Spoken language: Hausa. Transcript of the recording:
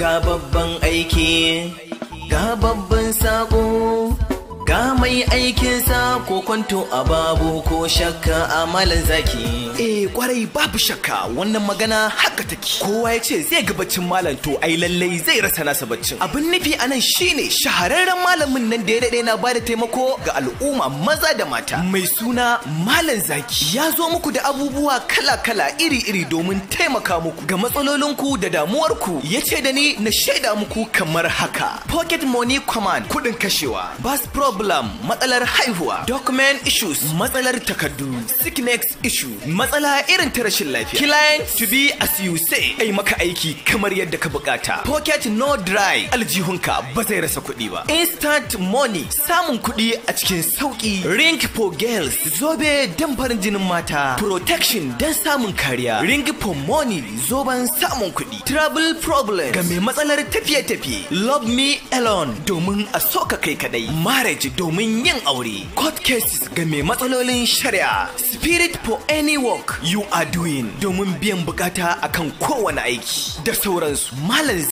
ga babban aiki ga babban sako ga mai aikin sa ko kwanto a babu ko shakka malin zaki eh kwarai babu shakka wannan magana haka take kowa ya ce zai ga baccin malam to ai lallai zai rasa nasa baccin abin nufi anan shine shahararren malamin nan da ya dade na bada taimako ga al'umma maza da mata mai suna malam zaki ya zo muku da abubuwa kala-kala iri-iri domin taimaka muku ga matsalolinku da damuwarku ya ce da ni na shaida muku kamar haka pocket money command kudin kashewa bas prob problem matsalar haihuwa document issues matsalar takardu sickness issue matsala irin ta rashin lafiya client to be as you say ai maka aiki kamar yadda ka bukata pocket no dry aljihunka ba zai rasa kuɗi ba instant money samun kuɗi a cikin sauki ring for girls zobe dan farin jinin mata protection don samun kariya ring for money zoben samun kuɗi travel problem ga mai matsalar tafiye-tafiye love me alone domin a soka kai kadai marriage Music domin yin aure court cases ga mai matsalolin shari'a spirit for any work you are doing domin biyan bukata akan kowane aiki da sauransu malam